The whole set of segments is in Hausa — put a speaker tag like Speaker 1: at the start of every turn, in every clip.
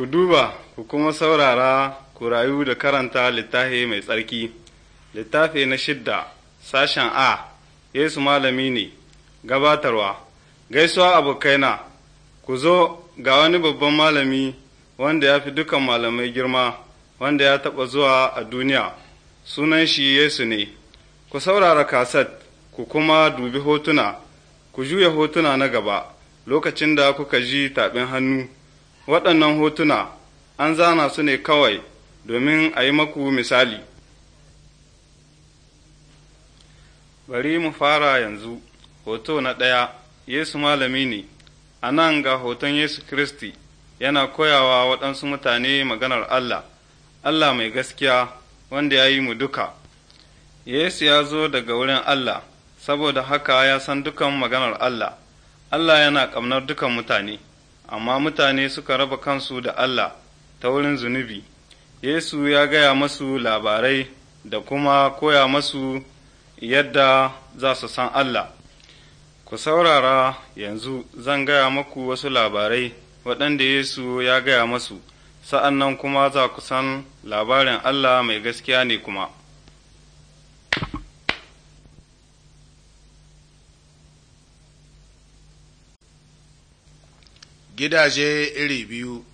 Speaker 1: ku duba ku kuma saurara ku rayu da karanta littafi mai tsarki littafi na shidda sashen a yesu malami ne gabatarwa gaisuwa abokaina ku zo ga wani babban malami wanda ya fi dukan malamai girma wanda ya taɓa zuwa a duniya sunan shi yesu ne ku saurara kaset ku kuma dubi hotuna ku juya hotuna na gaba lokacin da kuka ji taɓin hannu waɗannan hotuna an zana su ne kawai domin a yi maku misali. Bari mu fara yanzu, hoto na ɗaya, Yesu malami ne, a nan ga hoton Yesu Kiristi yana koyawa waɗansu mutane maganar Allah, Allah mai gaskiya wanda ya yi mu duka. Yesu ya zo daga wurin Allah, saboda haka ya san dukan maganar Allah, Allah yana ƙamnar dukan mutane. amma mutane suka raba kansu da Allah ta wurin zunubi. Yesu ya gaya masu labarai da kuma koya masu yadda za su san Allah. Ku saurara yanzu zan gaya maku wasu labarai waɗanda Yesu ya gaya masu, sa'an nan kuma za ku san labarin Allah mai gaskiya ne kuma.
Speaker 2: gidaje iri biyu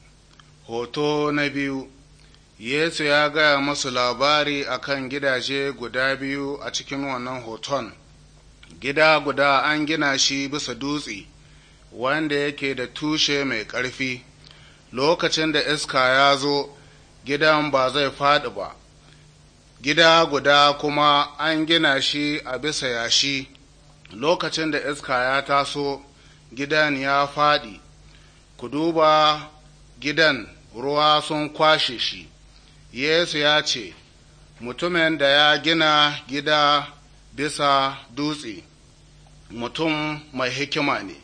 Speaker 2: hoto na biyu yesu ya gaya masu labari a kan gidaje guda biyu a cikin wannan hoton gida guda an gina shi bisa dutse wanda yake da tushe mai ƙarfi lokacin da iska ya zo gidan ba zai faɗi ba gida guda kuma an gina shi a bisa yashi lokacin da iska ya taso gidan ya faɗi ku duba gidan ruwa sun kwashe shi yesu ya ce mutumin da ya gina gida bisa dutse mutum mai hikima ne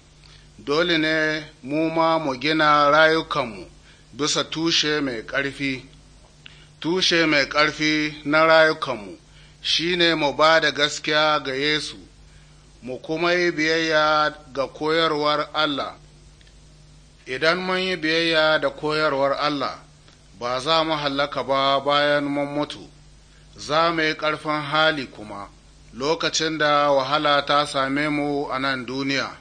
Speaker 2: dole ne mu ma mu gina rayukanmu bisa tushe mai ƙarfi tushe mai ƙarfi na rayukanmu shi ne mu ba da gaskiya ga yesu mu kuma yi biyayya ga koyarwar allah idan mun yi biyayya da koyarwar Allah ba za mu hallaka ba bayan mun mutu, za mu yi ƙarfin hali kuma lokacin da wahala ta same mu a nan duniya.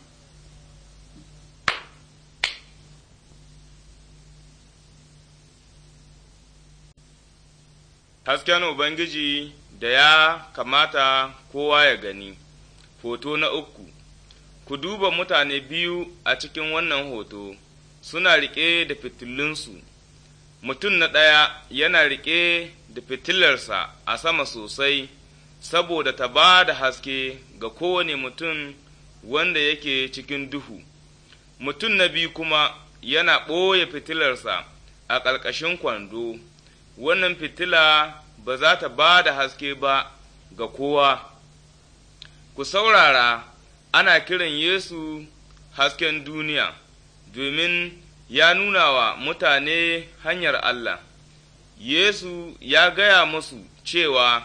Speaker 3: Hasken Ubangiji da ya kamata kowa ya gani, hoto na uku, ku duba mutane biyu a cikin wannan hoto. suna riƙe da fitilunsu mutum na ɗaya yana riƙe da fitilarsa a sama sosai saboda ta ba da haske ga kowane mutum wanda yake cikin duhu mutum na biyu kuma yana ɓoye fitilarsa a ƙarƙashin kwando wannan fitila ba za ta ba da haske ba ga kowa ku saurara ana kiran yesu hasken duniya domin ya nuna wa mutane hanyar Allah. Yesu ya gaya musu cewa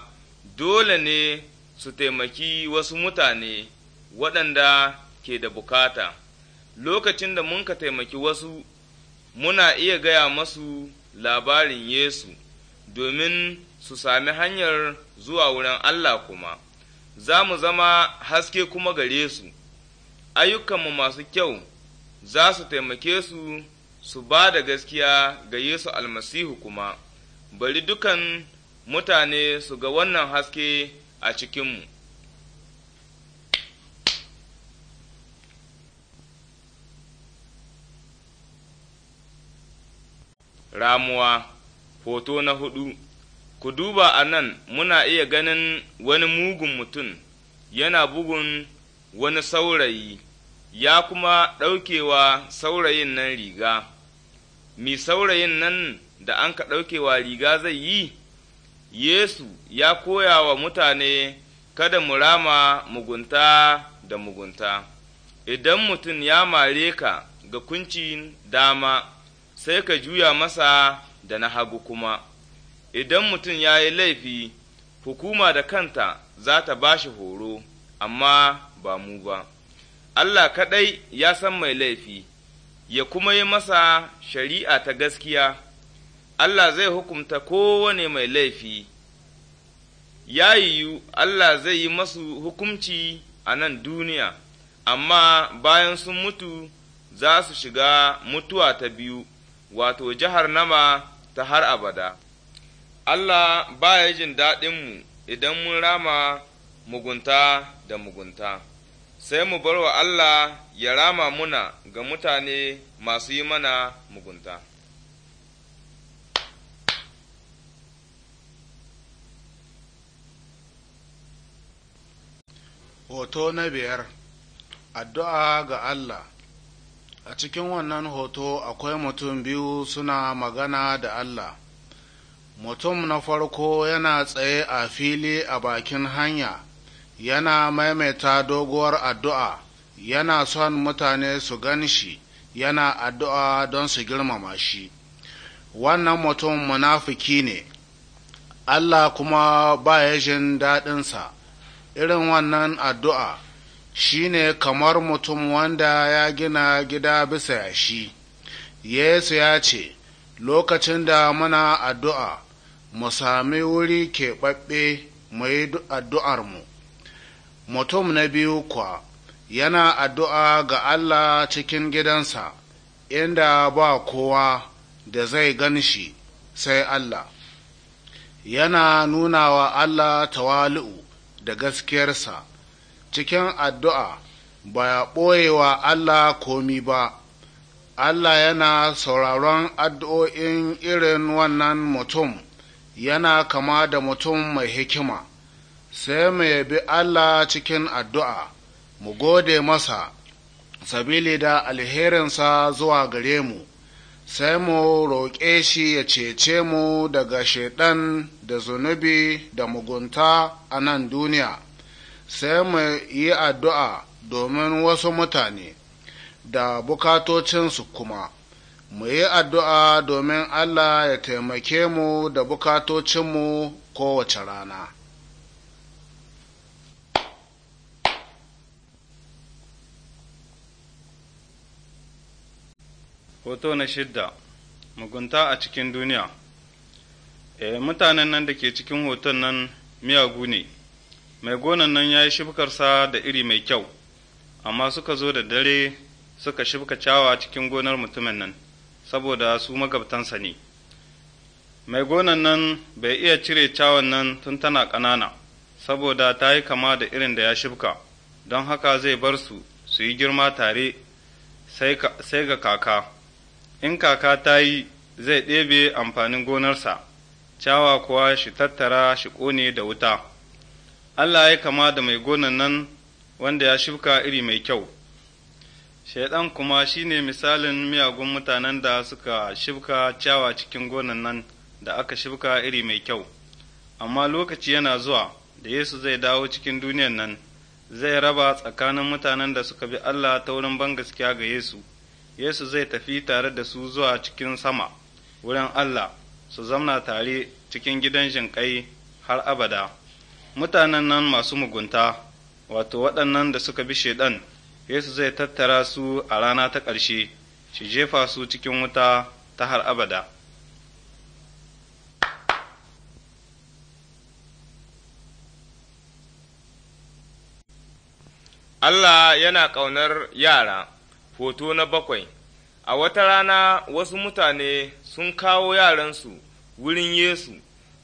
Speaker 3: dole ne su taimaki wasu mutane waɗanda ke da bukata. Lokacin da mun ka taimaki wasu, muna iya gaya masu labarin Yesu domin su sami hanyar zuwa wurin Allah kuma. Za mu zama haske kuma gare su, ayyukanmu masu kyau. za su taimake su su ba da gaskiya ga Yesu almasihu kuma, bari dukan mutane su ga wannan haske a cikinmu. Ramuwa Hoto na hudu Ku duba a nan muna iya ganin wani mugun mutum yana bugun wani saurayi. ya kuma ɗaukewa saurayin nan riga, mi saurayin nan da an ka ɗaukewa riga zai yi, Yesu ya koya wa mutane kada mu rama mugunta da mugunta, idan mutum ya mare ka ga kuncin dama, sai ka juya masa da na hagu kuma, idan mutum ya yi laifi, hukuma da kanta za ta ba shi horo, amma ba mu ba. Allah kaɗai ya san mai laifi, ya kuma yi masa shari'a ta gaskiya, Allah zai hukumta kowane mai laifi, ya yiwu Allah zai yi masu hukumci a nan duniya, amma bayan sun mutu za su shiga mutuwa ta biyu, wato jihar nama ta har abada. Allah ba ya jin daɗinmu idan mun rama mugunta da mugunta. sai mu bar wa Allah ya rama muna ga mutane masu yi mana mugunta.
Speaker 2: Hoto na biyar Addu'a ga Allah A cikin wannan hoto akwai mutum biyu suna magana da Allah. Mutum na farko yana tsaye a fili a bakin hanya. yana maimaita doguwar addu'a yana son mutane su gan shi yana addu'a don su girmama shi wannan mutum munafiki ne Allah kuma ba ya jin daɗinsa irin wannan addu'a shi ne kamar mutum wanda ya gina gida bisa yashi Yesu ya ce lokacin da muna addu'a mu sami wuri keɓaɓɓe mu yi addu'armu mutum na biyu kuwa yana addu'a ga Allah cikin gidansa, inda ba kowa da zai gan shi sai Allah, yana nuna wa Allah tawali'u da gaskiyarsa, cikin addu'a ba ya ɓoye wa Allah komi ba, Allah yana sauraron addu'o'in irin wannan mutum yana kama da mutum mai hikima. sai mu yabi Allah cikin addu'a, mu gode masa, sabili da alherinsa zuwa gare mu, sai mu roƙe shi ya cece mu daga shaiɗan da zunubi da mugunta a nan duniya, sai mu yi addu'a domin wasu mutane da bukatocinsu kuma. mu yi addu'a domin Allah ya taimake mu da bukatocinmu kowace rana.
Speaker 1: Hoto na shidda, mugunta a cikin duniya. E, mutanen nan da ke cikin hoton nan miyagu ne, mai gonan nan ya yi shifkarsa da iri mai kyau, amma suka zo da dare suka shifka cawa cikin gonar mutumin nan, saboda su magabtansa ne. Mai gonan nan bai iya cire cawan nan tun tana ƙanana, saboda ta yi kama da irin da ya shifka don haka zai bar su su yi girma tare sai ga kaka. in kaka ta yi zai ɗebe amfanin gonarsa, cawa kuwa shi tattara shi ƙone da wuta. Allah ya kama da mai gonan nan wanda ya shifka iri mai kyau. Shaiɗan kuma shi ne misalin miyagun mutanen da suka shifka cawa cikin gonan nan da aka shifka iri mai kyau, amma lokaci yana zuwa da Yesu zai dawo cikin duniyan nan, zai raba tsakanin mutanen da suka bi Allah ta wurin gaskiya ga Yesu. Yesu zai tafi tare da su zuwa cikin sama, wurin Allah, su zamna tare cikin gidan jinƙai har abada. Mutanen nan masu mugunta, wato waɗannan da suka bi Shaiɗan, Yesu zai tattara su a rana ta ƙarshe, shi jefa su cikin wuta ta har abada.
Speaker 3: Allah yana ƙaunar yara. Hoto na bakwai A wata rana wasu mutane sun kawo yaransu wurin Yesu,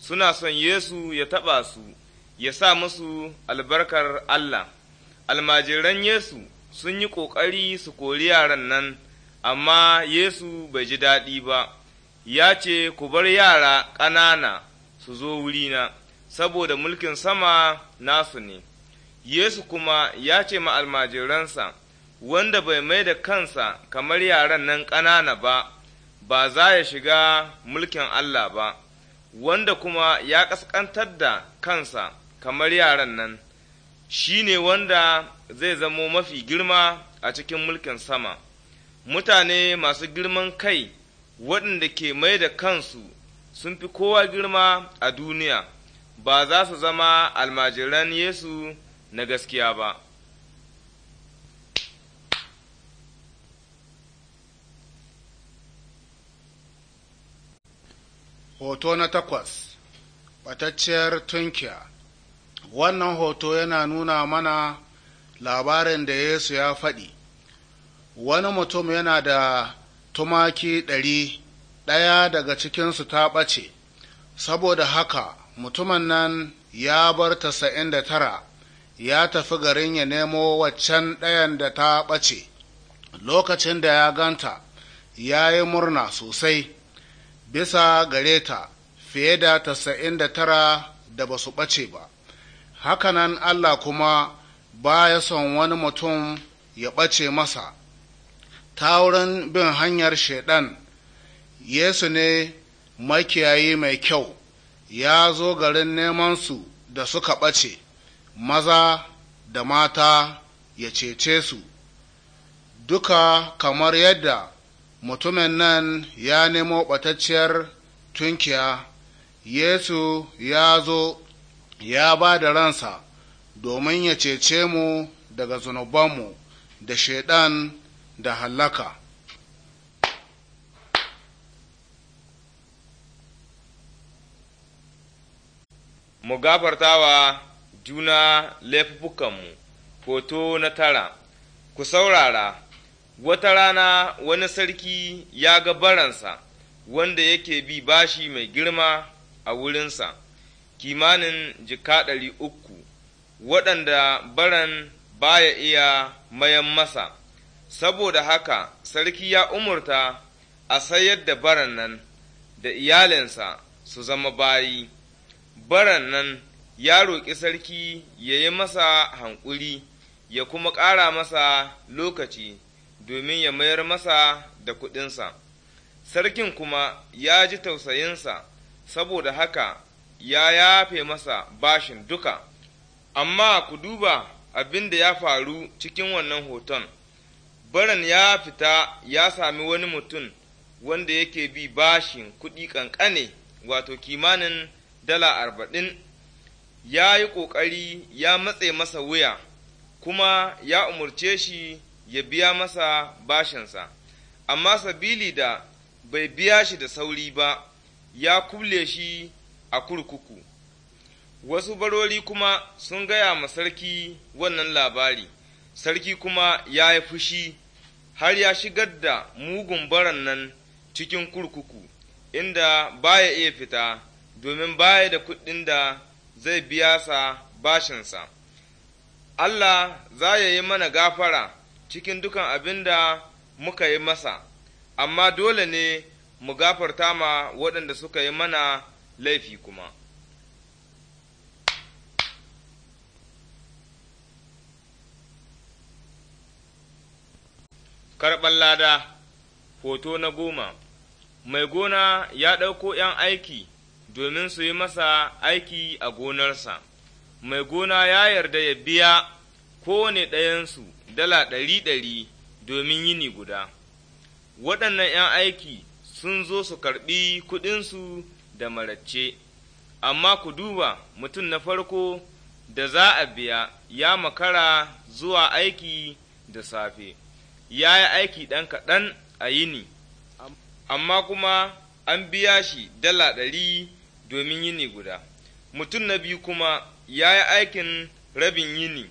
Speaker 3: suna son Yesu ya taɓa su, ya sa musu albarkar Allah. Almajiran Yesu sun yi ƙoƙari su kori yaran nan, amma Yesu bai ji daɗi ba, ya ce, Ku bar yara ƙanana su zo wurina, saboda mulkin sama nasu ne. Yesu kuma ya ce ma almajiransa, wanda bai mai da kansa kamar yaran nan ƙanana ba, ba za ya shiga mulkin Allah ba, wanda kuma ya ƙasƙantar da kansa kamar yaran nan, shi ne wanda zai zamo mafi girma a cikin mulkin sama. Mutane masu girman kai waɗanda ke mai da kansu sun fi kowa girma a duniya, ba za su zama almajiran Yesu na gaskiya ba.
Speaker 2: Hoto na takwas, ɓatacciyar tunkiya. Wannan hoto yana nuna mana labarin da Yesu ya faɗi. Wani mutum yana da tumaki ɗari, ɗaya daga cikinsu ta ɓace, saboda haka mutumin nan ya bar tasa'in da tara, ya tafi garin ya nemo waccan ɗayan da ta ɓace. Lokacin da ya ganta, ya yi murna sosai. bisa gare ta fiye da tasa'in da tara da ba su ɓace ba hakanan Allah kuma ba ya son wani mutum ya ɓace masa ta wurin bin hanyar shaiɗan Yesu ne makiyayi mai kyau ya zo garin neman su da suka ɓace maza da mata ya cece su duka kamar yadda mutumin nan ya nemo ɓatacciyar tunkiya Yesu ya zo ya ba da ransa domin ya cece mu daga zunubanmu da shaiɗan da hallaka.
Speaker 3: Mu gafartawa juna laifukanmu hoto na tara, ku saurara. wata rana wani sarki ya ga baransa wanda yake bi bashi mai girma a wurinsa kimanin jika ɗari uku waɗanda baran baya iya mayan masa saboda haka sarki ya umurta a sayar da baran nan da iyalinsa su zama bayi baran nan ya roƙi sarki ya yi masa hankuli ya kuma ƙara masa lokaci domin ya mayar masa da kuɗinsa. Sarkin kuma ya ji tausayinsa, saboda haka ya yafe masa bashin duka, amma ku duba abin da ya faru cikin wannan hoton. Baran ya fita ya sami wani mutum wanda yake bi bashin kuɗi ƙanƙane, wato kimanin dala arba'in, ya yi ƙoƙari ya matse masa wuya, kuma ya umarce shi ya biya masa bashinsa amma sabili da bai biya shi da sauri ba ya kulle shi a kurkuku wasu barori kuma sun gaya ma sarki wannan labari sarki kuma ya yi fushi har ya shigar da mugun baran nan cikin kurkuku inda baya iya fita domin baya da kuɗin da zai biya sa bashinsa Allah za ya yi mana gafara cikin dukan abin da muka yi masa, amma dole ne mu gafarta ma waɗanda suka yi mana laifi kuma. Karɓar lada, hoto na goma, mai gona ya ɗauko ’yan aiki domin su yi masa aiki a gonarsa, mai gona ya yarda ya biya kowane ɗayansu dala ɗari ɗari domin yini guda waɗannan ‘yan aiki sun zo su karɓi kuɗinsu da maracce amma ku duba mutum na farko da za a biya ya makara zuwa aiki da safe ya yi aiki ɗan kaɗan a yini amma kuma an biya shi dala ɗari domin yini guda mutum na biyu kuma ya yi aikin rabin yini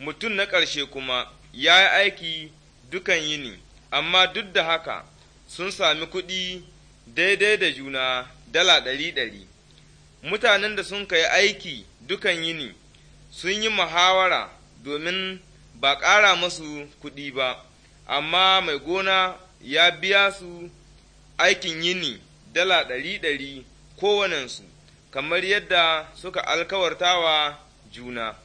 Speaker 3: mutum na ƙarshe kuma ya yi aiki dukan yini, amma duk da haka sun sami kuɗi daidai da juna dala ɗari ɗari. Mutanen da sun kai aiki dukan yini sun yi muhawara domin ba ƙara masu kuɗi ba, amma mai gona ya biya su aikin yini dala ɗari ɗari kowanensu, kamar yadda suka alkawartawa juna.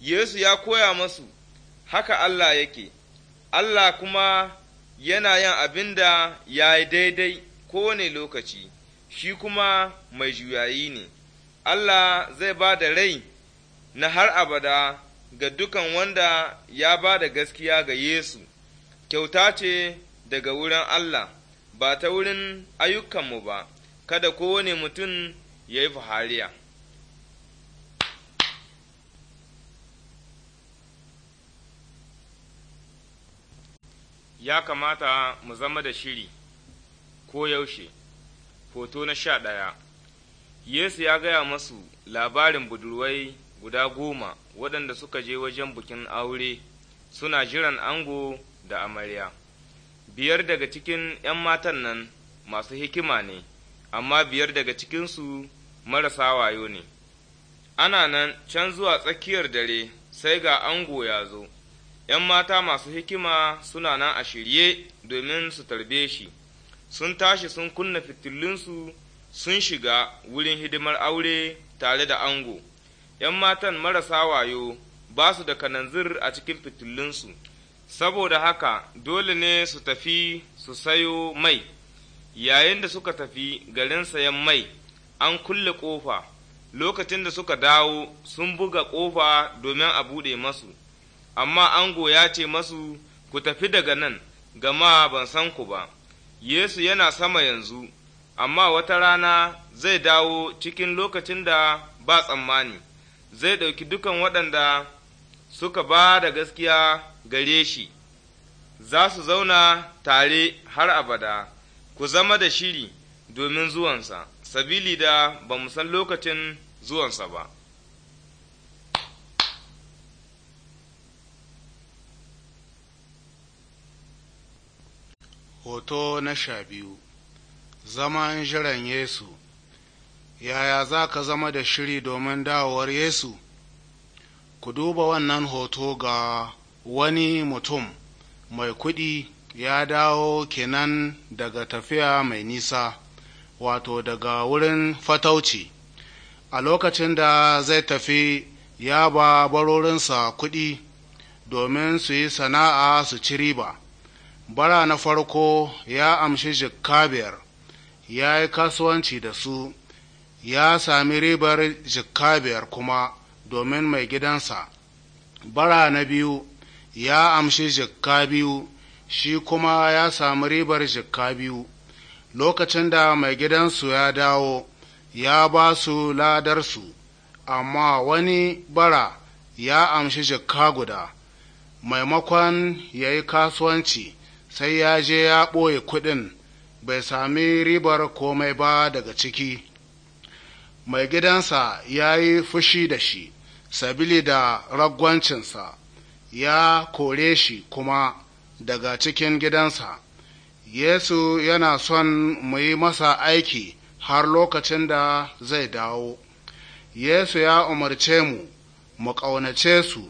Speaker 3: Yesu ya koya masu haka Allah yake, Allah kuma yana yin abin da ya yi daidai kowane lokaci, shi kuma mai juyayi ne, Allah zai ba da rai na har abada ga dukan wanda ya ba da gaskiya ga Yesu, kyauta ce daga wurin Allah, ba ta wurin ayyukanmu ba, kada kowane mutum ya yi fahariya. ya kamata mu zama da shiri ko yaushe hoto na sha ɗaya yesu ya gaya masu labarin budurwai guda goma waɗanda suka je wajen bukin aure suna jiran ango da amarya biyar daga cikin ’yan matan nan masu hikima ne amma biyar daga cikinsu marasa wayo ne ana nan can zuwa tsakiyar dare sai ga ango ya zo ’yan mata masu hikima suna nan a shirye domin su tarbe shi, sun tashi sun kunna fitilunsu sun shiga wurin hidimar aure tare da ango, ’yan matan marasa wayo ba su da kananzir a cikin fitilunsu, saboda haka dole ne su tafi su sayo mai, yayin da suka tafi garin sayan mai, an kulle ƙofa, lokacin da suka dawo sun buga ƙofa domin a buɗe masu. amma ango ya ce masu ku tafi daga nan gama ban san ku ba Yesu yana sama yanzu amma wata rana zai dawo cikin lokacin da ba tsammani zai ɗauki dukan waɗanda suka ba da gaskiya gare shi za su zauna tare har abada ku zama da shiri domin zuwansa sabili da ba mu san lokacin zuwansa ba
Speaker 2: Hoto na sha biyu Zaman jiran Yesu Yaya za ka zama da shiri domin dawowar Yesu? Ku duba wannan hoto ga wani mutum mai kuɗi ya dawo kenan daga tafiya mai nisa, wato daga wurin fatauci. A lokacin da zai tafi ya ba barorinsa kuɗi domin su yi sana'a su ci riba. bara na farko ya amshi jikka biyar ya yi kasuwanci da su ya sami ribar jikka biyar kuma domin mai gidansa bara na biyu ya amshi jikka biyu shi kuma ya sami ribar jikka biyu lokacin da mai gidansu ya dawo ya ba su ladarsu amma wani bara ya amshi jikka guda maimakon ya yi kasuwanci sai ya je ya ɓoye kuɗin bai sami ribar komai ba daga ciki mai gidansa ya yi fushi da shi sabili da ragwancinsa ya kore shi kuma daga cikin gidansa yesu yana son mu yi masa aiki har lokacin da zai dawo yesu ya umarce mu mu ƙaunace su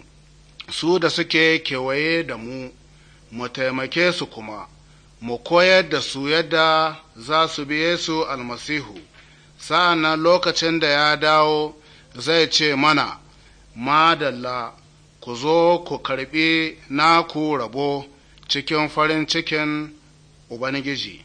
Speaker 2: su da suke kewaye da mu mu taimake su kuma mu koyar da su yadda za su bi Yesu almasihu sa'an lokacin da ya dawo zai ce mana madalla ku zo ku karɓi naku rabo cikin farin cikin ubangiji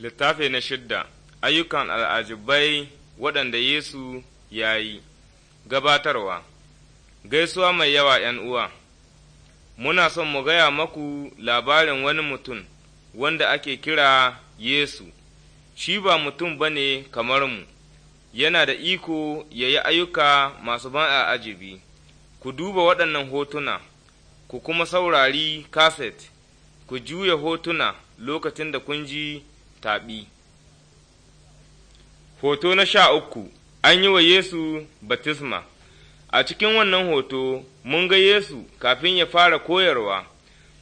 Speaker 3: Littafi na shidda Ayyukan al'ajibai waɗanda Yesu ya yi Gabatarwa Gaisuwa mai yawa ’yan uwa Muna son mu gaya maku labarin wani mutum wanda ake kira Yesu, shi ba mutum ba ne kamar mu, yana da iko ya yi ayyuka masu ban al'ajibi. Ku duba waɗannan hotuna, ku kuma saurari kaset, ku juya hotuna lokacin da kun ji taɓi Hoto na sha uku An yi wa Yesu batisma A cikin wannan hoto mun ga Yesu kafin ya fara koyarwa,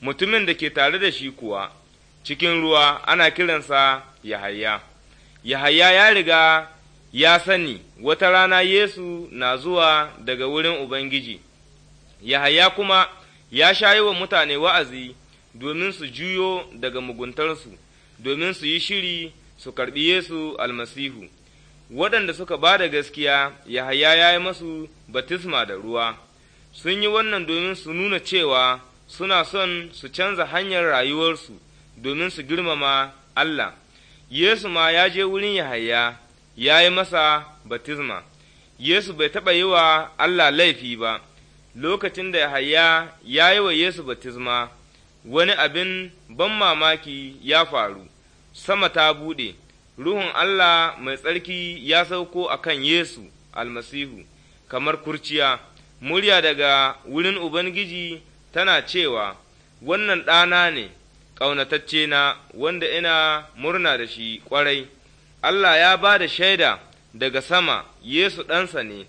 Speaker 3: mutumin da ke tare da shi kuwa cikin ruwa ana kiransa Yahaya. Yahaya ya riga ya sani wata rana Yesu na zuwa daga wurin Ubangiji, Yahaya kuma ya shayi wa mutane wa'azi domin su juyo daga muguntarsu. domin su yi shiri su karɓi Yesu almasihu, waɗanda suka ba da gaskiya Yahaya ya yi masu batisma da ruwa, sun yi wannan domin su nuna cewa suna son su canza hanyar rayuwarsu domin su girmama Allah. Yesu ma ya je wurin Yahaya ya yi masa batisma. Yesu bai taɓa yi wa Allah laifi ba, lokacin da Yahaya ya yi wa Yesu batisma. wani abin ban mamaki ya faru, sama ta buɗe, Ruhun Allah mai tsarki ya sauko a kan Yesu almasihu, kamar kurciya, murya daga wurin Ubangiji tana cewa, Wannan ɗana ne, ƙaunatacce na, wanda ina murna da shi ƙwarai, Allah ya ba da shaida daga sama, Yesu ɗansa ne,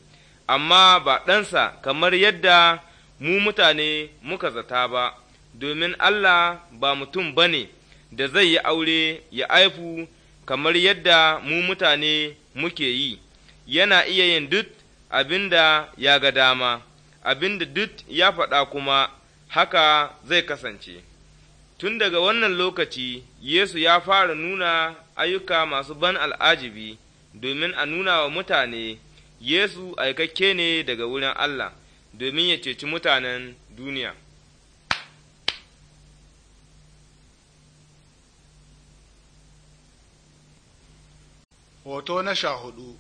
Speaker 3: amma ba ɗansa kamar yadda mu mutane muka zata ba. domin Allah ba mutum ba ne da zai yi aure ya aifu kamar yadda mu mutane muke yi, yana iya yin duk abin da ya ga dama, abin da duk ya faɗa kuma haka zai kasance. Tun daga wannan lokaci, Yesu ya fara nuna ayyuka masu ban al'ajibi domin a nuna wa mutane Yesu aikakke ne daga wurin Allah domin ya ceci mutanen duniya.
Speaker 2: Hoto na sha hudu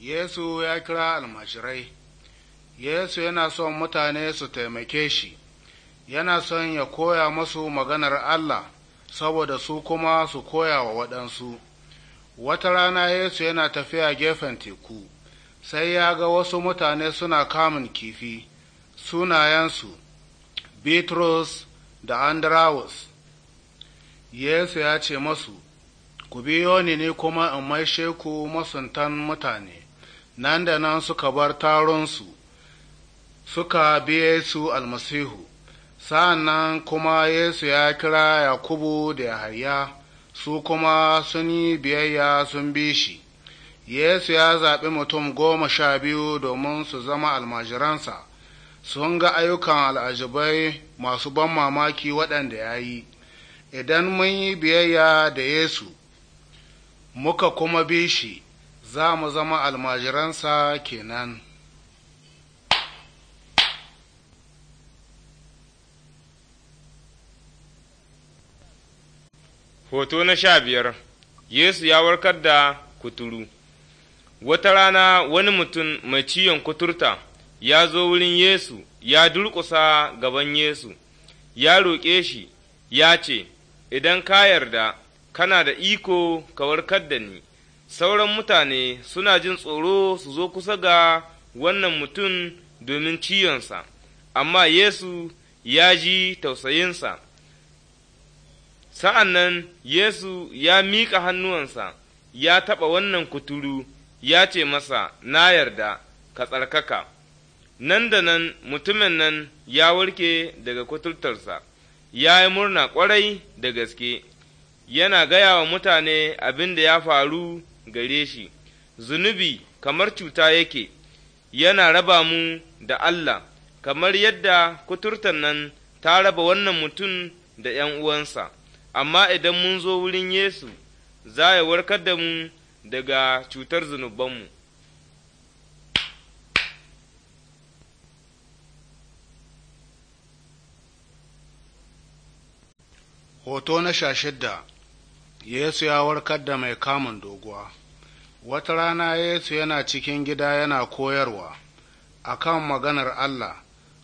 Speaker 2: Yesu ya kira almashirai Yesu yana son mutane su taimake shi, yana son ya koya masu maganar Allah, saboda su kuma su koya wa waɗansu. Wata rana Yesu yana tafiya gefen teku, sai ya ga wasu mutane suna kamun kifi, sunayensu, Bitrus da Andrawus. Yesu ya ce masu, ku biyo ni ne kuma in maishe ku masuntan mutane nan da nan suka bar taronsu suka biye su almasihu sa'an kuma yesu ya kira yakubu da yahaya su kuma sun yi biyayya sun bi shi yesu ya zaɓi mutum goma sha biyu domin su zama almajiransa sun ga ayyukan al'ajibai masu ban mamaki waɗanda ya yi idan mun yi biyayya da yesu muka kuma bi shi za mu zama almajiransa kenan
Speaker 3: Hoto na sha biyar Yesu ya warkar da kuturu Wata rana wani mutum mai ciwon kuturta ya zo wurin Yesu ya durƙusa gaban Yesu, ya roƙe shi, ya ce, Idan ka yarda, kana da iko ka warkar da ni, sauran mutane suna jin tsoro su zo kusa ga wannan mutum domin ciyonsa, amma Yesu ya ji tausayinsa. Sa'an nan Yesu ya miƙa hannuwansa, ya taɓa wannan kuturu, ya ce masa, Na yarda, ka tsarkaka. Nan da nan mutumin nan ya warke daga kuturtarsa, ya yi murna ƙwarai da gaske. yana gaya wa mutane abin da ya faru gare shi zunubi kamar cuta yake yana raba mu da Allah kamar yadda kuturtan nan ta raba wannan mutum da ’yan uwansa, amma idan mun zo wurin Yesu, za ya warkar da mu daga cutar zunubanmu.
Speaker 2: Hoto na sha shidda Yesu ya warkar da mai kamun doguwa. Wata rana Yesu yana cikin gida yana koyarwa a kan maganar Allah,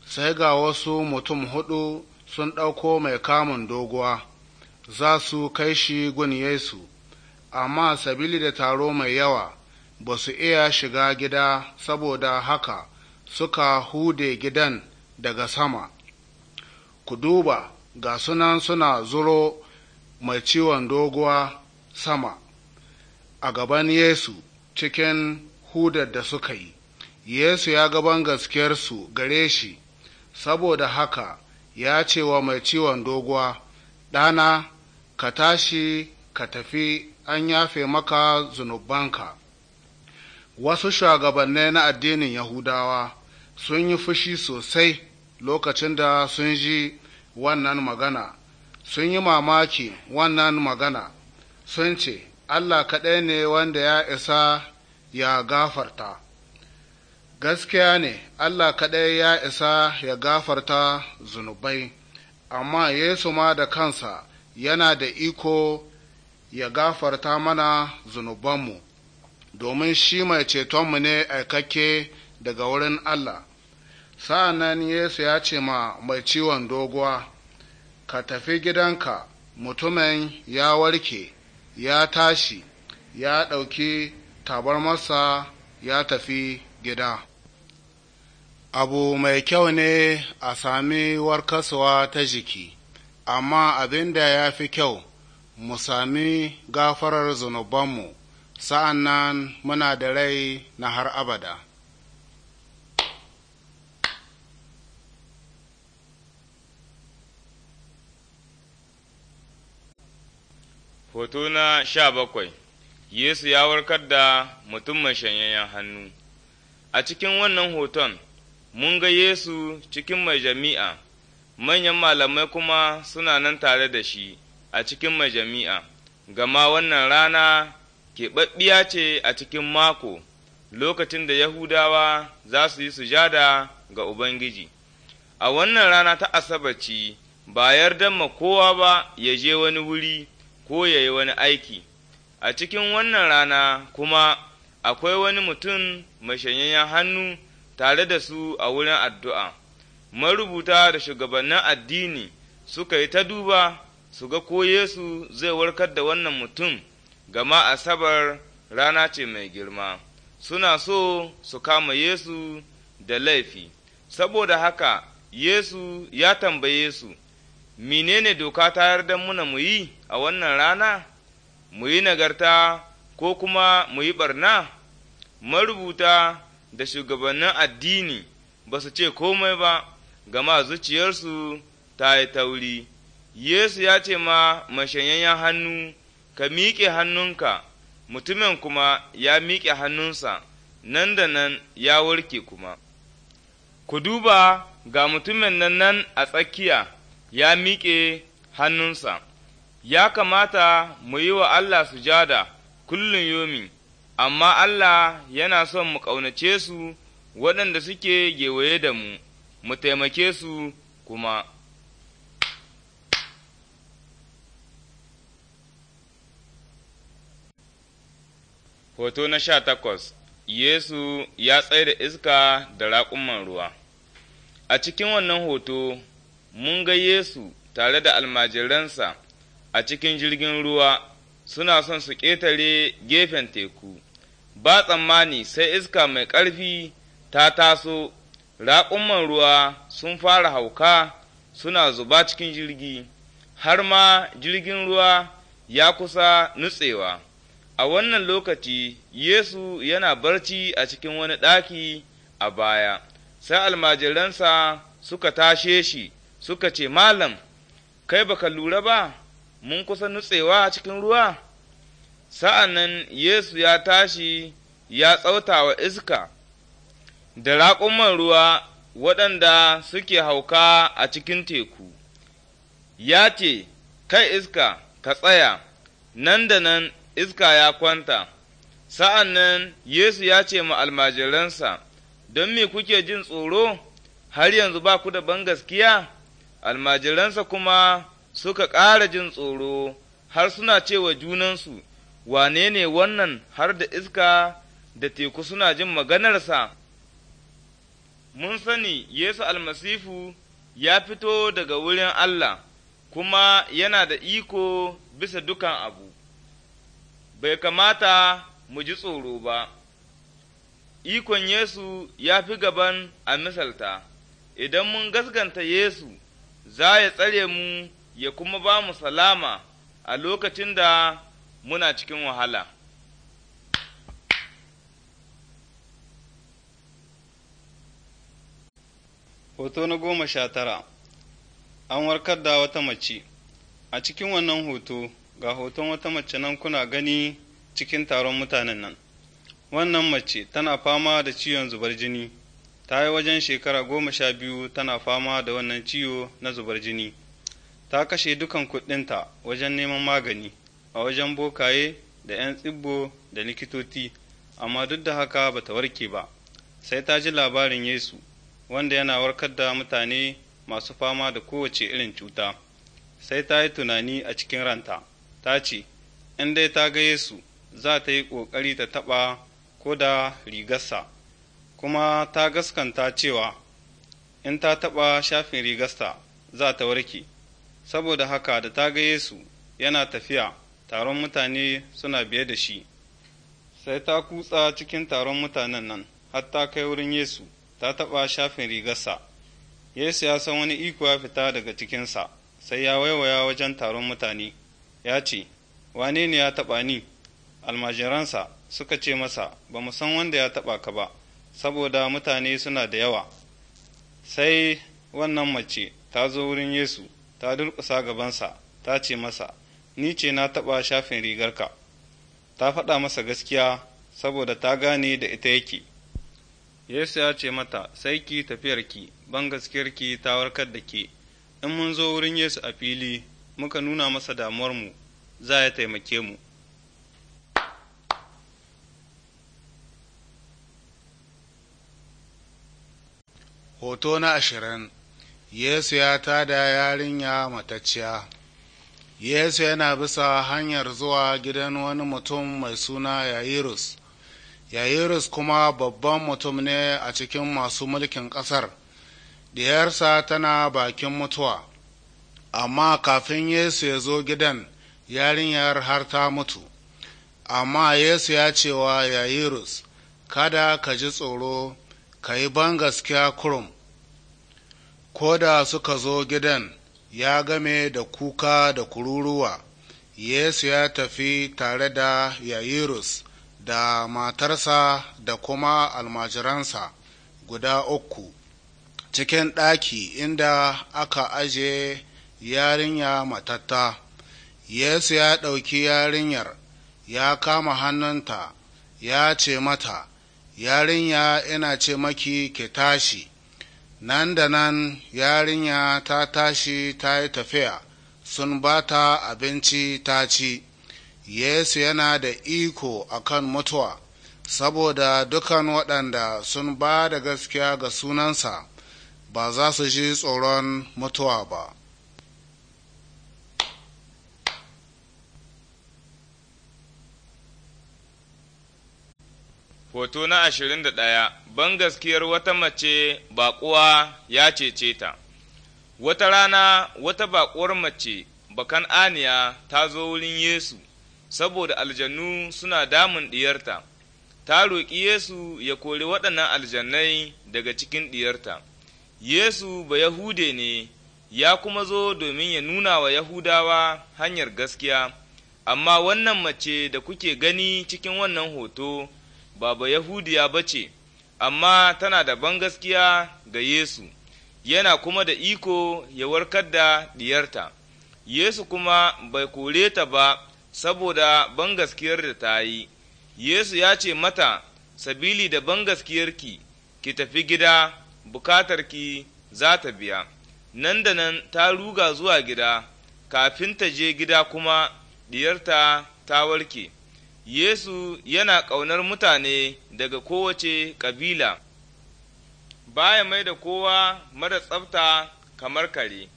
Speaker 2: sai ga wasu mutum huɗu sun ɗauko mai kamun doguwa, za su kai shi gun Yesu, amma sabili da taro mai yawa ba su iya shiga gida saboda haka suka hude gidan daga sama. Ku duba, ga sunan suna zuro mai ciwon doguwa sama a gaban Yesu cikin hudar da suka yi, Yesu ya gaban gaskiyarsu gare shi, saboda haka ya ce wa mai ciwon doguwa, ɗana, ka tashi ka tafi an yafe maka zunubanka. Wasu shugabannai na addinin Yahudawa sun yi fushi sosai lokacin da sun ji wannan magana. sun yi mamaki wannan magana sun ce Allah kaɗai ne wanda ya isa ya gafarta gaskiya ne Allah kaɗai ya isa ya gafarta zunubai amma Yesu ma da kansa yana da iko ya gafarta mana zunubanmu domin shi mai cetonmu ne aikakke daga wurin Allah sa'an nan Yesu ya ce ma mai ciwon doguwa ka tafi gidanka mutumin ya warke ya tashi ya ɗauki tabarmarsa ya tafi gida abu mai kyau ne a sami warkaswa ta jiki amma abin da ya fi kyau mu sami gafarar zunubanmu sa'an nan muna da rai na har abada
Speaker 3: Hoto na sha bakwai Yesu ya warkar da mutum mai shanyayyen hannu A cikin wannan hoton, mun ga Yesu cikin mai jami'a, manyan malamai kuma suna nan tare da shi a cikin mai jami'a, gama wannan rana keɓaɓɓiya ce a cikin mako, lokacin da Yahudawa za su yi sujada ga Ubangiji. A wannan rana ta Asabaci, ba yarda ma kowa ba ya je wani wuri. ko ya yi wani aiki a cikin wannan rana kuma akwai wani mutum mai hannu tare da su a wurin addu'a marubuta da shugabannin addini suka yi ta duba su ga ko Yesu zai warkar da wannan mutum gama asabar rana ce mai girma suna so su kama Yesu da laifi saboda haka Yesu ya tambaye su menene doka ta yarda muna mu yi a wannan rana mu yi nagarta ko kuma mu yi barna marubuta da shugabannin addini ba su ce komai ba gama zuciyarsu ta yi tauri yesu ya ce ma mashanyayyen hannu ka miƙe hannunka mutumin kuma ya miƙe hannunsa nan da nan ya warke kuma ku duba ga mutumin nan nan a tsakiya ya miƙe hannunsa, ya kamata mu yi wa Allah sujada kullum yomi, amma Allah yana son mu ƙaunace su waɗanda suke gewaye da mu, mu taimake su kuma. Hoto na sha takwas Yesu ya tsaye da iska da raƙuman ruwa A cikin wannan hoto mun ga Yesu tare da almajiransa a cikin jirgin ruwa suna son su ƙetare gefen teku, ba tsammani sai iska mai ƙarfi ta taso, raƙumman ruwa sun fara hauka suna zuba cikin jirgi, har ma jirgin ruwa ya kusa nutsewa. A wannan lokaci, Yesu yana barci a cikin wani ɗaki a baya, sai almajiransa suka tashe shi suka ce malam kai baka lura ba mun kusa nutsewa a cikin ruwa sa'an nan yesu ya tashi ya wa iska da raƙuman ruwa waɗanda suke hauka a cikin teku ya ce kai iska ka tsaya nan da nan iska ya kwanta sa'an nan yesu ya ce ma almajiransa don me kuke jin tsoro har yanzu ba ku da gaskiya? almajiransa kuma suka ƙara jin tsoro har suna cewa junansu wane ne wannan har da iska da teku suna jin maganarsa mun sani Yesu almasifu ya fito daga wurin Allah kuma yana da iko bisa dukan abu bai kamata mu ji tsoro ba ikon Yesu ya fi gaban a misalta idan mun gasganta Yesu za ya tsare mu ya kuma ba mu salama a lokacin da muna cikin wahala.
Speaker 1: Hoto na goma sha tara An warkar da wata mace A cikin wannan hoto ga hoton wata mace nan kuna gani cikin taron mutanen nan. Wannan mace tana fama da ciwon zubar jini. ta yi wajen shekara goma sha biyu tana fama da wannan ciwo na zubar jini ta kashe dukan kuɗinta wajen neman magani a wajen bokaye da 'yan tsibbo da likitoti amma duk da haka ba ta warke ba sai ta ji labarin yesu wanda yana warkar da mutane masu fama da kowace irin cuta sai ta yi tunani a cikin ranta ta ce in dai ta ga yesu za ta yi ƙoƙari ta taɓa ko da rigarsa kuma ta gaskanta cewa in ta taɓa shafin rigasta za ta warke, saboda haka da ta ga Yesu yana tafiya taron mutane suna biye da shi, sai ta kutsa cikin taron mutanen nan har ta kai wurin Yesu ta taɓa shafin rigarsa. Yesu ya san wani iko ya fita daga cikinsa, sai ya waiwaya wajen taron mutane, ya ce, Wane ne ya taɓa ni? Almajiransa suka ce masa, Ba mu san wanda ya taɓa ka ba. saboda mutane suna da yawa sai wannan mace ta zo wurin yesu ta durƙusa gabansa ta ce masa ni ce na taɓa shafin rigarka ta faɗa masa gaskiya saboda ta gane da ita yake yesu ya ce mata sai ki tafiyarki ban gaskiyarki ta warkar da ke in mun zo wurin yesu a fili muka nuna masa damuwar mu, za ya taimake mu
Speaker 2: Hoto na ashirin Yesu ya tada yarinya matacciya Yesu yana bisa hanyar zuwa gidan wani mutum mai suna Yayirus. Yayirus kuma babban mutum ne a cikin masu mulkin ƙasar, diyarsa tana bakin mutuwa, amma kafin Yesu ya zo gidan yarinyar har ta mutu. Amma Yesu ya ce wa Yayirus, Kada ka ji tsoro ka yi ban gaskiya kurum, ko da suka zo gidan ya game da kuka da kururuwa, Yesu ya tafi tare da Yayirus da matarsa da kuma almajiransa guda uku cikin ɗaki inda aka aje yarinya matatta. Yesu ya ɗauki yarinyar, ya kama hannunta, ya ce mata, yarinya yana ce maki ke tashi nan da nan yarinya ta tashi ta yi tafiya sun ba ta abinci ta ci yesu yana da iko a kan mutuwa saboda dukan waɗanda sun ba da gaskiya ga sunansa ba za su ji tsoron mutuwa ba
Speaker 3: Hoto na ashirin da ɗaya ban gaskiyar wata mace baƙuwa ya cece ta. Wata rana wata baƙuwar mace bakan aniya ta zo wurin Yesu saboda aljannu suna damun ɗiyarta, ta roƙi Yesu ya kori waɗannan aljannai daga cikin ɗiyarta. Yesu ba Yahude ne, ya kuma zo domin ya nuna wa Yahudawa hanyar gaskiya, amma wannan mace da kuke gani cikin wannan hoto. ba ba Yahudiya ba ce, amma tana da bangaskiya ga Yesu, yana kuma da iko ya warkar da diyarta. Yesu kuma bai kore ta ba saboda bangaskiyar da ta yi, Yesu ya ce mata, Sabili da bangaskiyarki, ki tafi gida, bukatarki za ta biya. Nan da nan ta ruga zuwa gida, kafin ta je gida kuma diyarta ta warke. Yesu yana ƙaunar mutane daga kowace ƙabila, baya mai da kowa mara tsafta kamar kare,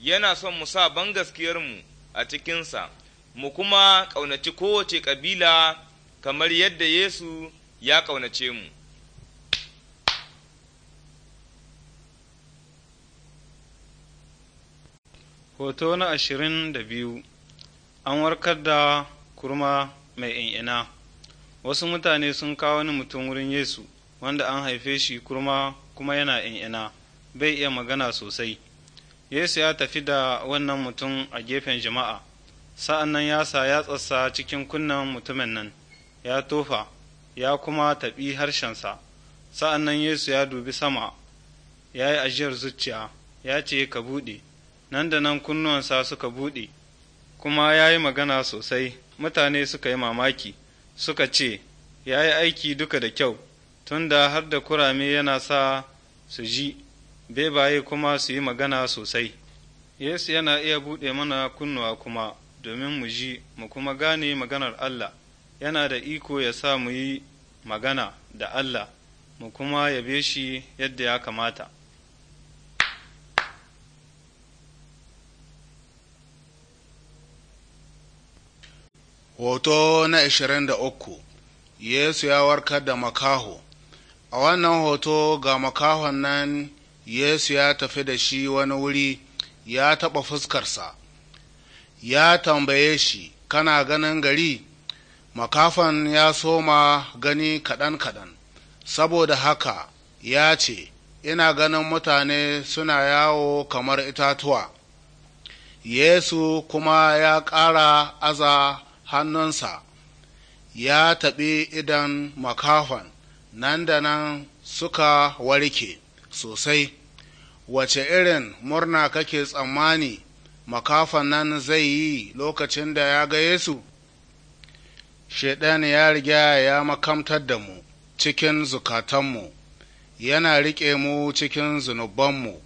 Speaker 3: yana son mu sa ban gaskiyarmu a cikinsa, mu kuma ƙaunaci kowace ƙabila kamar yadda Yesu ya ƙaunace mu.
Speaker 1: Hoto na ashirin da biyu An warkar da kurma mai in'ina wasu mutane sun kawo wani mutum wurin yesu wanda an haife shi kurma kuma yana in'ina bai iya magana sosai yesu ya tafi da wannan mutum a gefen jama'a sa'an nan ya sa ya tsatsa cikin kunnen mutumin nan ya tofa ya kuma taɓi harshensa sa'an nan yesu ya dubi sama ya yi ajiyar zuciya ya ce ka buɗe nan da nan kunnuwansa suka buɗe kuma ya yi magana sosai mutane suka yi mamaki suka ce ya yi aiki duka da kyau tunda har da kurame yana sa su ji bebaye kuma su yi magana sosai yesu yana iya buɗe mana kunnuwa kuma domin mu ji mu kuma gane maganar allah yana da iko ya sa mu yi magana da allah mu kuma yabe shi yadda ya kamata
Speaker 2: Hoto na ishirin uku Yesu ya warkar da makaho A wannan hoto ga makahon nan Yesu ya tafi da shi wani wuri ya taɓa fuskarsa, ya tambaye shi, Kana ganin gari? Makafan ya soma gani kaɗan-kaɗan, saboda haka ya ce, Ina ganin mutane suna yawo kamar itatuwa. Yesu kuma ya ƙara aza hannunsa ya taɓi idan makahon nan da nan suka warke sosai wace irin murna kake tsammani makafan nan zai yi lokacin da ya ga Yesu? Shaiɗan ya riga ya makamtar da mu cikin zukatanmu, yana riƙe mu cikin zunubanmu,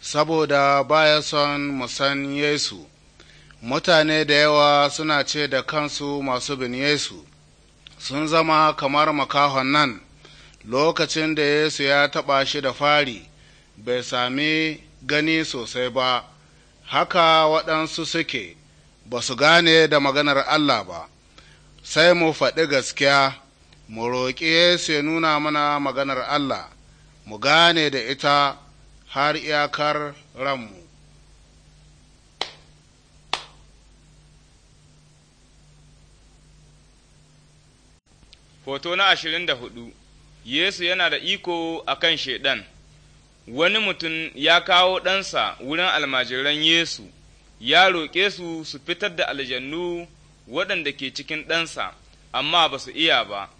Speaker 2: saboda baya son musan Yesu. mutane da yawa suna ce da kansu masu bin Yesu, sun zama kamar makahon nan lokacin da Yesu ya taɓa shi da fari, bai sami gani sosai ba, haka waɗansu suke, ba su gane da maganar Allah ba, sai mu faɗi gaskiya, mu roƙi Yesu ya nuna mana maganar Allah, mu gane da ita har iyakar ranmu.
Speaker 3: Hoto na ashirin da hudu Yesu yana da iko a kan Shaiɗan Wani mutum ya kawo ɗansa wurin almajiran Yesu, ya roƙe su su fitar da aljannu waɗanda ke cikin ɗansa, amma ba su iya ba.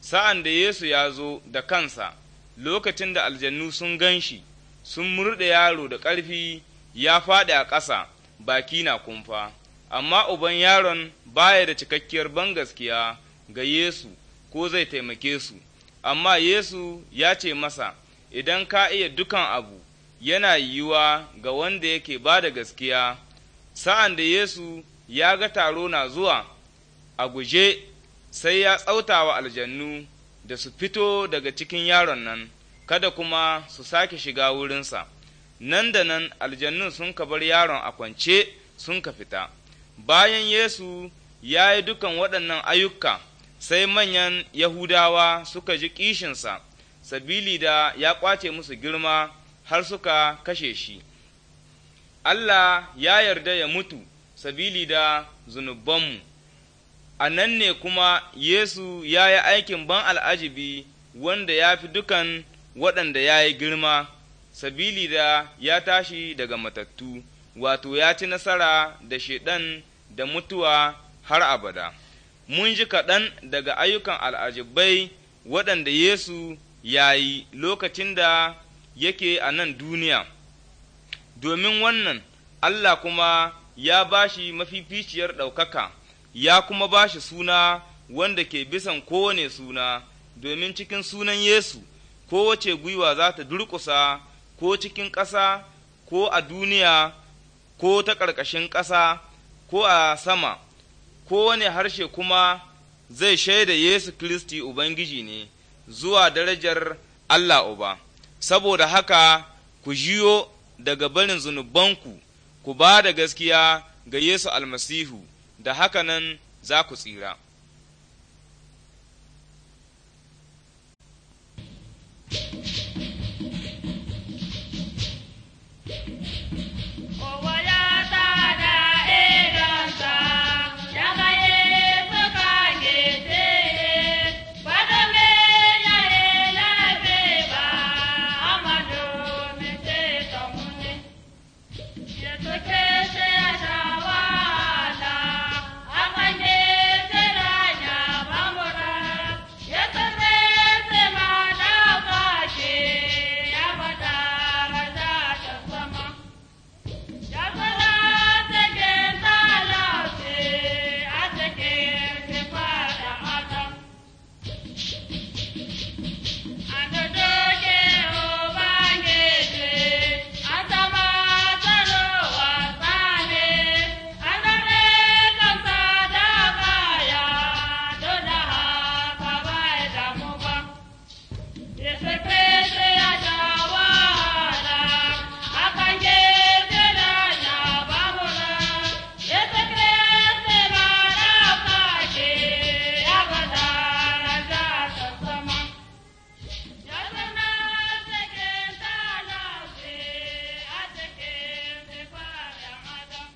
Speaker 3: Sa'an da Yesu ya zo da kansa, lokacin da aljannu sun gan shi, sun murɗe yaro da ƙarfi ya faɗi a ƙasa, baki na kumfa. Amma uban yaron baya da cikakkiyar ban gaskiya ga Yesu. ko zai taimake su amma Yesu ya ce masa idan ka iya dukan abu yana yiwuwa ga wanda yake ba da gaskiya sa'an da Yesu ya ga taro na zuwa a guje sai ya tsautawa aljannu da su fito daga cikin yaron nan kada kuma su sake shiga wurinsa nan da nan aljannun sun ka bar yaron a kwance sun ka fita bayan Yesu ya yi dukan waɗannan ayyuka sai manyan Yahudawa suka ji kishinsa, sabili da ya ƙwace musu girma har suka kashe shi. Allah ya yarda ya mutu sabili da zunubanmu, a nan ne kuma Yesu ya yi aikin ban al'ajibi wanda ya fi dukan waɗanda ya yi girma, sabili da ya tashi daga matattu, wato ya ci nasara da shaiɗan da mutuwa har abada. mun ji kaɗan daga ayyukan al'ajibai waɗanda Yesu ya yi lokacin da yake a nan duniya, domin wannan Allah kuma ya ba shi mafificiyar ɗaukaka, ya kuma ba shi suna wanda ke bisan kowane suna, domin cikin sunan Yesu kowace gwiwa za ta durƙusa ko cikin ƙasa ko a duniya ko ta ƙarƙashin ƙasa ko a sama. kowane harshe kuma zai shaida Yesu Kiristi Ubangiji ne zuwa darajar Allah Uba, saboda haka ku jiyo daga barin zunubanku ku ba da gaskiya ga Yesu almasihu da haka nan za ku tsira.
Speaker 4: you